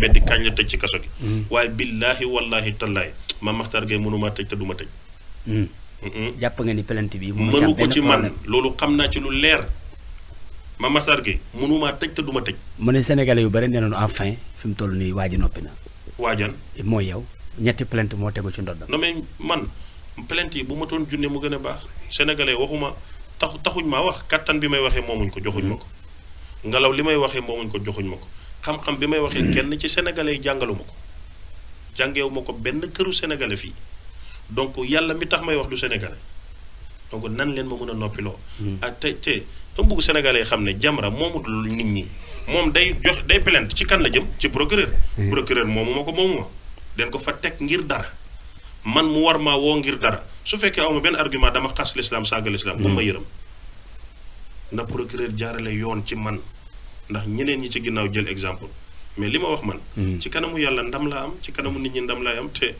beddi kañ la tëj ci kaso gi. Mm. waaye billaahi wallaahi tallaahi ma Maxtaar Gueye mënumaa tëj te du ma tëj. Mm. jàpp nga ni plainte bi. mënu ko ci man loolu xam naa ci lu leer. ma Maxtaar Gueye mënumaa tëj te du ma mu ne Sénégalais yu bari nee nañu enfin fi mu toll nii waaji noppi na. waajan mooy yow ñetti plainte moo tegu ci ndoddam. na mais man plainte yi bu ma toon junne mu gën a baax sénégalais waxuma taxu taxuñ maa wax kàttan bi may waxee moomuñ ko joxuñ ma ko. Mm. ngelaw li may waxee moomuñ ko joxuñ ma ko. xam-xam bi may waxee kenn ci sénégalais jàngaluma ko jàngewuma ko benn këru sénégalais fii donc yàlla mi tax may wax lu sénégalais donc nan leen ma a noppiloo. Hmm. ah te te dama xam ne Jamra moomutul nit ñi moom day jox day plainte ci kan la jëm ci procureur. Hmm. procureur moomu ma ko moomu ma. ko fa teg ngir dara man mu war maa woo ngir dara su fekkee awma benn argument dama xas l'islam saaga l'islam hmm. bu ma yërëm na procureur jaarale yoon ci man. ndax ñeneen ñi ci ginnaaw jël exemple mais li ma wax man. Hmm. ci kanamu yàlla ndam laa am ci kanamu nit ñi ndam laa am te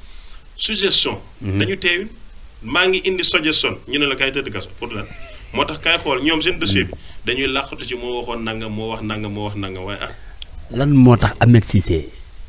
suggestion. Hmm. dañu teewul maa ngi indi suggestion ñu ne la kaay tëdd kaso pour lan moo tax kaay xool ñoom seen dossier bi hmm. dañuy làqatu ci moo waxoon nanga moo wax nanga moo wax nanga waaye ah. lan moo tax Ahmed Cissé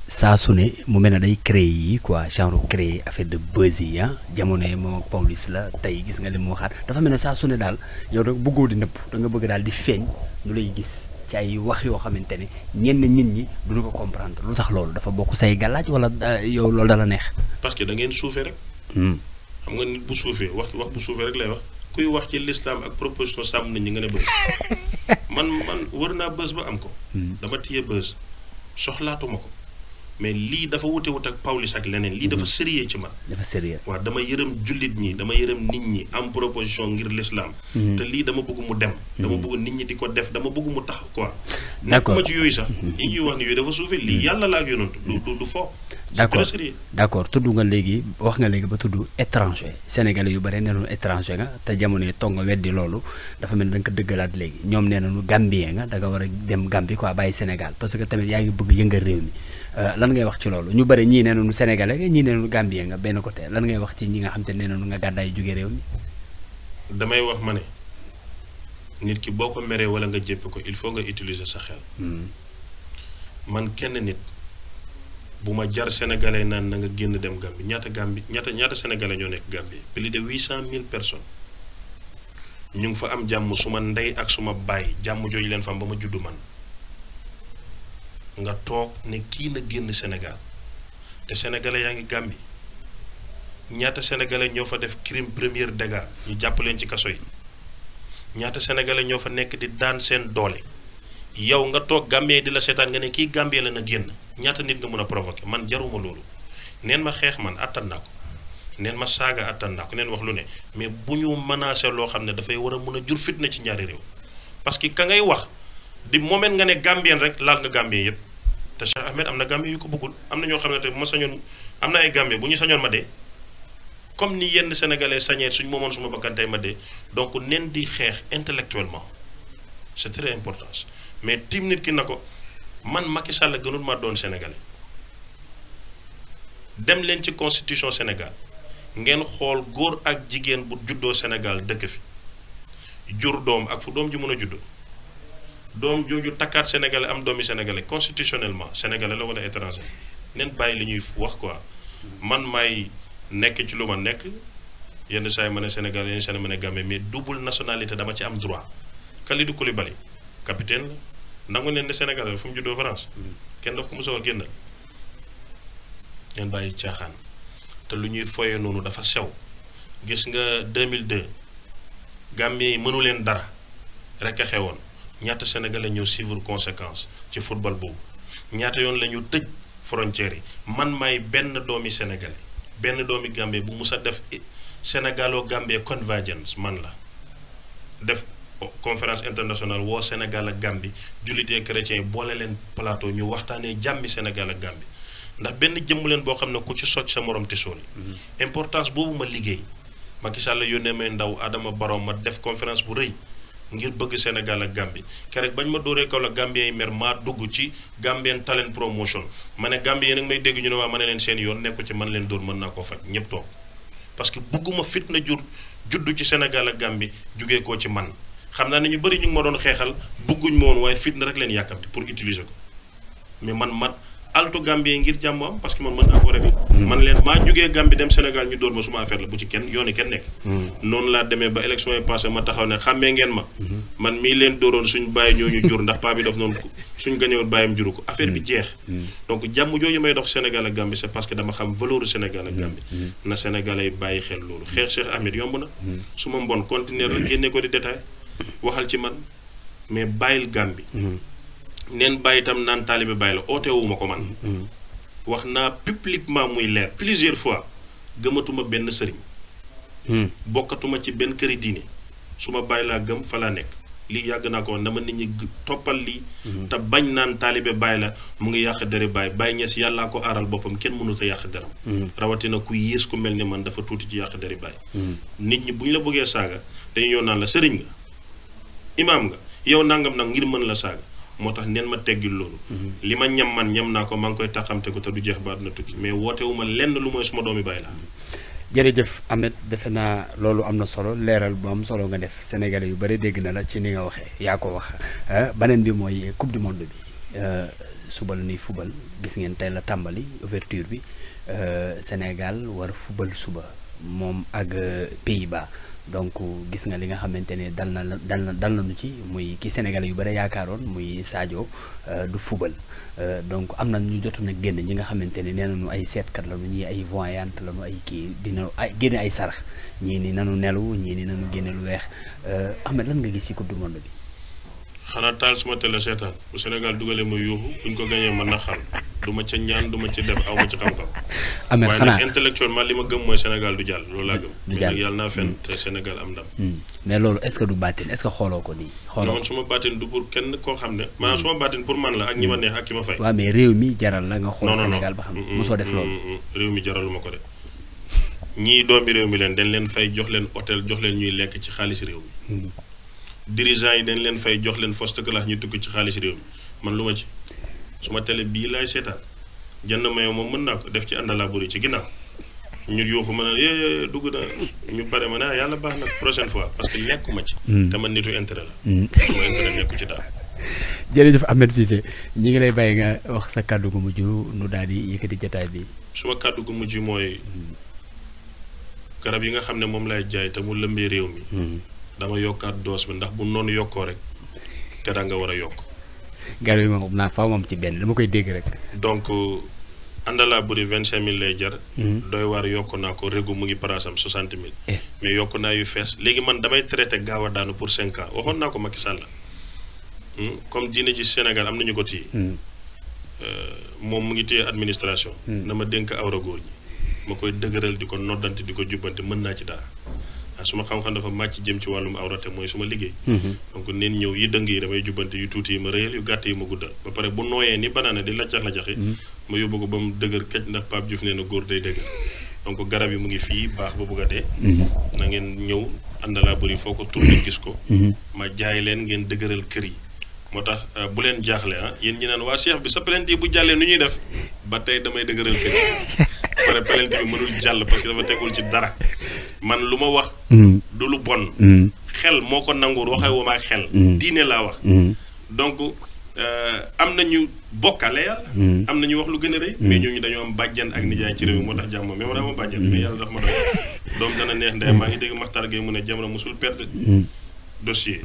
saa su ne mu mel ne day créé yi quoi genre créé affaire de buzz ya ah yi moom ak Pawlish la tey gis nga li mu waxaa dafa mel ne saa su daal yow rek bëggoo di nga bëgg daal di feeñ ñu lay gis. ci ay wax yoo xamante ne ñenn nit ñi duñu ko comprendre lu tax loolu dafa bokk say gàllaaj wala euh, yow loolu dala neex. parce que da ngeen suufee rek. Hmm. xam nga nit bu suufee wax wax bu suufee rek lay wax kuy wax ci lislaam ak proposition sàmm nit ñi nga ne bës man man wër naa bës ba am ko. Hmm. dama téye bës soxlaatuma ko. mais lii dafa wute wut ak Pawlish ak leneen lii dafa mhm. sérieux ci man dafa sérieux waaw dama yërëm jullit ñi dama yërëm nit ñi am proposition ngir l'islam mhm. te lii dama bëgg mu dem mhm. dama bëgg nit ñi di ko def dama bëgg mu tax quoi nekkuma ci yooyu sax yi ñuy wax ni yooyu dafa suufee lii yàlla laa ak yonantu du du fo d'accord d'accord tudd nga léegi wax nga léegi ba tudd étranger sénégalais yu bare nee nañu étranger nga te jamono yi toog nga weddi loolu dafa mel ni da nga ko dëggalaat léegi ñoom nee nañu gambien nga da nga war a dem Gambie quoi bàyyi Sénégal parce que tamit yaa ngi bëgg yëngal réew mi Euh, lan ngay wax ci loolu ñu bari ñii nee nañu sénégalais nga ñii nee nañu gambien nga benn côté lan ngay wax ci ñi nga xam te nee nañu nga gàddaay jóge réew mi damay wax ma ne nit ki boo ko meree wala nga jéppi ko il faut nga utiliser sa xel hmm. man kenn nit bu ma jar sénégalais naan na nga génn dem Gambie ñaata Gambie ñaata ñaata sénégalais ñoo nekk Gambie plus de huit cent mille personne ñu ngi fa am jàmm su ma ndey ak su ma baay jàmm jooju leen fam am ba ma juddu man nga toog ne kii na génn Sénégal te sénégalais yaa ngi Gàmbi ñaata sénégalais ñoo fa def crime première dégâts ñu jàpp leen ci kaso yi ñaata sénégalais ñoo fa nekk di daan seen doole yow nga toog gàmbee di la seetaan nga ne kii Gambie la na génn ñaata nit nga mën a provoqué man jaruma loolu neen ma xeex man attan naa ko neen ma saaga attan naa ko neen wax lu ne mais bu ñu menacé loo xam ne dafay war a mën a jur fitna ci ñaari réew parce que ka ngay wax. di moment nga ne Gambien rek laal nga Gambien yëpp te Cheikh Ahmed am na Gambien yu ko bëggul am na ñoo xam ne te ma sañoon am na ay Gambien bu ñu sañoon ma dee comme ni yenn sénégalais sañee suñ moomoon suma bakkan tey ma dee donc nen di xeex intellectuellement c'est très important mais tim nit ki na ko man Macky Sall gënul ma doon sénégalais dem leen ci constitution Sénégal ngeen xool góor ak jigéen bu juddoo Sénégal dëkk fi jur doom ak fu doom ji mën a juddoo. doom jooju takkaat sénégalais am doomi sénégalais constitutionnellement sénégalais la wala étranger neen bàyyi li ñuy wax quoi man may nekk ci lu ma nekk yenn saa yi ma ne Sénégal yenn saa yi ma ne Gambie mais double nationalité dama ci am droit Kalidou Koulibaly capitaine la nangu neen ne Sénégal fu mu juddoo France kenn daf ko mos a génnal neen bàyyi caaxaan te lu ñuy foyee noonu dafa sew gis nga 2002 Gambie yi mënu leen dara rek a xewoon. ñaata sénégalais ñoo suivre conséquence ci football boobu ñaata yoon lañu ñu tëj frontières yi man may benn doomi sénégalais benn doomi Gambie bu mus a def sénégalo Gambie convergence man la def conférence internationale woo Sénégal ak Gambie jullitee chrétien boole leen plateau ñu waxtaanee jàmmi Sénégal ak Gambie ndax benn jëmm leen boo xam ne ku ci socc sa morom ti sóoli mm-hmm. importance boobu ma liggéey Macky Sall ne may ndaw aadama Barrow ma def conférence bu rëy ngir bëgg Sénégal ak Gambie keroog bañ ma dóoree kaw la Gambien yi mer maa dugg ci Gambien talent promotion ma ne Gambien nag may dégg ñu ne waa ma ne leen seen yoon nekku ci man leen dóor mën naa koo faj ñëpp toog parce que bëgguma fitna jur juddu ci Sénégal ak Gambie jugee koo ci man xam naa ni ñu bëri ñu ngi ma doon xeexal bëgguñ ma woon waaye fitna rek leen yàkkamti pour utiliser ko mais man man. altu Gambie ngir jàmm am parce que man mën naa ko régler hmm. man leen maa jugee Gambie dem Sénégal ñu dóor ma suma affaire la bu ci kenn yooni kenn nekk hmm. noonu laa demee ba élection yi passé ma taxaw ne xàmmee ngeen ma hmm. man mii leen dóoroon suñ bàyyi ñooñu jur ndax paa bi daf noonu suñ gañewul bàyyam juru ko affaire bi jeex donc jàmm jooju may dox Sénégal a Gambie c'est parce que dama xam valeur Sénégal a Gambie na Sénégalais yi bàyyi xel loolu xeex Cheikh Ahmed yomb na su ma mbon conteneur la génne ko di détail waxal ci man mais bàyyil Gambie neen bàyyi itam naan taalibe bàyyi la ootewuma ko man mm. wax naa publiquement muy leer plusieurs fois gëmatuma benn sëriñ mm. bokkatuma ci benn këri diine suma ma bàyyi laa gëm fa laa nekk lii yàgg naa ko na ma nit ñi toppal lii mm. te bañ naan taalibe bàyyi la mu ngi yàq dere bàyyi bàyyi ñes yàllaa ko aaral boppam kenn mënut a yàq deram rawatina ku yées ku mel ni man dafa tuuti ci yàq dere bàyyi nit ñi bu ñu la bëggee saaga dañu yoon naan la sëriñ nga nga yow nangam nag ngir mën la saaga moo tax neen ma teggil loolu mhm. li ma ñam man ñam naa ko maa koy taxamte ko te du jeex ba na tukki mais woote wu ma lenn lu mooy suma doomi bàyyi la jërëjëf Ameth defe naa loolu am na solo leeral bu am solo nga def sénégalais yu bëri dégg na la ci ni nga waxee yaa ko wax ah, beneen bi mooy coupe du monde bi ah, suba la ñuy fubal gis ngeen tey la tàmbali ouverture bi ah, Sénégal war fubal suba moom ak Pays-Bas donc gis nga li nga xamante ne dal na dal na dal nañu ci muy ki Sénégalais yu bëri yaakaaroon muy Sadio euh, du fubal euh, donc am na ñu jotoon nag génn ñi nga xamante ne nee nañu ay seetkat lañu ñii ay yant lañu ay kii dina ay génne ay sarax ñii ni nanu nelu ñii ni nanu génne lu weex euh, Ahmed lan nga gis ci coupe du monde bi. xanaa taal suma télé seetaan bu Sénégal dugalee ma yuuxu buñ ko gañee mën na xam du ma ca ñaan du ma ci def aw ma ci xam-xam. amee xanaa waaye nag li ma gëm mooy Sénégal du jàll loolu laa gëm. yàlla naa fen mm. te am ndam. Mm. mais loolu est-ce que du xooloo ko nii. xooloo suma baatin du pour kenn koo xam ne. maanaam mm. suma baatin pour man la ak ñi ma neex ak ki ma fay. waaw mais réew mi jaral la nga xool Sénégal ba xam ne soo def loolu. réew mi jaral ma ko de ñii doomi réew mi leen dañ leen fay jox leen hôtel jox leen ñuy lekk ci xaalis réew mi dirigeants yi dañ leen fay jox leen foste classe ñu tukki ci xaalis réew mi man lu ma ci suma télé bii laay seetaan jënd mayo moom mën naa ko def ci àndalaa buri ci ginnaaw ñu yuuxu ma ne yee eh, eh, eh, dugg na ñu pare ma ne ah, yàlla baax na prochaine fois parce que nekkuma ci. Hmm. te man nitu intérêt la. Hmm. sama intérêt nekku ci daal. jërëjëf Ahmed Cissé ñu ngi lay bàyyi nga wax sa kàddu gu mujj nu daal di yëkkati jotaay bi. suma kàddu gu mujj mooy garab yi nga xam ne moom laay jaay te réew damay yokkaat doos bi ndax bu noonu yokkoo rek te da nga war a yokk. garab yi moom naa faaw moom ci benn dama koy dégg rek. donc àndalaa buri vingt cinq mille lay jar. Mhm. doy waar yokk naa ko régu mu ngi paraasam soixante mille. Eh. mais yokk naa yu fees léegi man damay traité gaaw a daanu pour cinq ans waxoon naa ko Macky Sall hmm? comme diine ji Sénégal am nañu ko téye. Hmm. Euh, moom mu ngi téye administration. Hmm. na ma dénk awra góor ñi ma koy dëgëral di ko noddanti di ko jubbante mën naa ci dara. Ah, suma xam-xam dafa màcc jëm ci wàllum awrate mooy suma liggéey mhm. donc neen ñëw yi dëng yi damay jubbante yu tuuti yi ma réyal yu gàtt yi ma gudda ba pare bu nooyee ni banaana di lajax mhm. ma yóbbu ko ba mu dëgër kaj ndax Pape Diouf nee na góor day dëgër donc garab yi mu ngi fii baax ba bëgg a dee mhm. na ngeen ñëw àndalaa bëri foo ko tourné gis ko ma jaay leen ngeen dëgëral kër yi moo tax ah, bu leen jaaxle ah yéen ñi naan waa seex bi sa plainte yi bu jàllee nu ñuy def ba tey damay dëgëral kër yi pare plainte bi mënul jàll parce que ci dara man lu ma wax mm. du lu bon mm. xel moo ko nanguwul mm. waxee wu ma xel diine laa wax donc euh, am na ñu bokkale yàlla am nañu wax lu gën a rëy mais ñooñu dañoo am bàjjan ak nijaay ci réew mi moo tax jàmm mais man ama bàjjan mais yàlla dafa ma doon doom dana neex ndey maa ngi dégg Makhtar Gueye mu ne Jamra musul perte dossier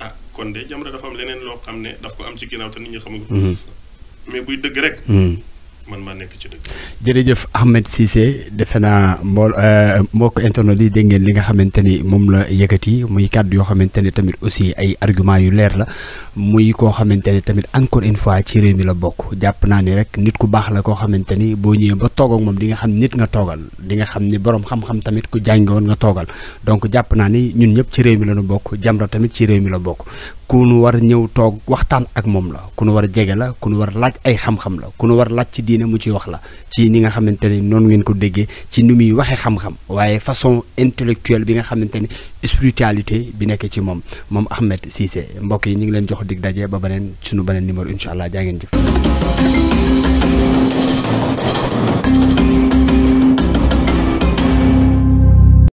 ah kon de Jamra dafa leneen loo xam ne daf ko am ci ginnaaw te nit ñi xamuñu mais buy dëgg rek man ma nekk ci dëkk jërëjëf Ahmed Cissé defe naa mbool euh, mbokk internet yi dégg ngeen li nga xamante ni moom la yëkkati muy kàddu yoo xamante ni tamit aussi ay argument yu leer la muy koo xamante ni tamit encore une fois ci réew mi la bokk jàpp naa ni rek nit ku baax la koo xamante ni boo ñëwee ba toog ak moom di nga xam nit nga toogal di nga xam ni borom xam-xam tamit ku jàngoon nga toogal donc jàpp naa ni ñun ñëpp ci réew mi la nu bokk Jamra tamit ci réew mi la bokk ku nu war ñëw toog waxtaan ak moom la ku nu war jege la ku nu war laaj ay xam-xam la ku nu war laaj ci diine mu ciy wax la ci ni nga xamante ni noonu ngeen ko déggee ci ni muy waxee xam-xam waaye façon intellectuelle bi nga xamante ni spiritualité bi nekk ci moom moom Ahmed Cissé mbokk yi ñu ngi leen jox dig daje ba beneen sunu beneen numéro incha allah jaa ngeen jëf.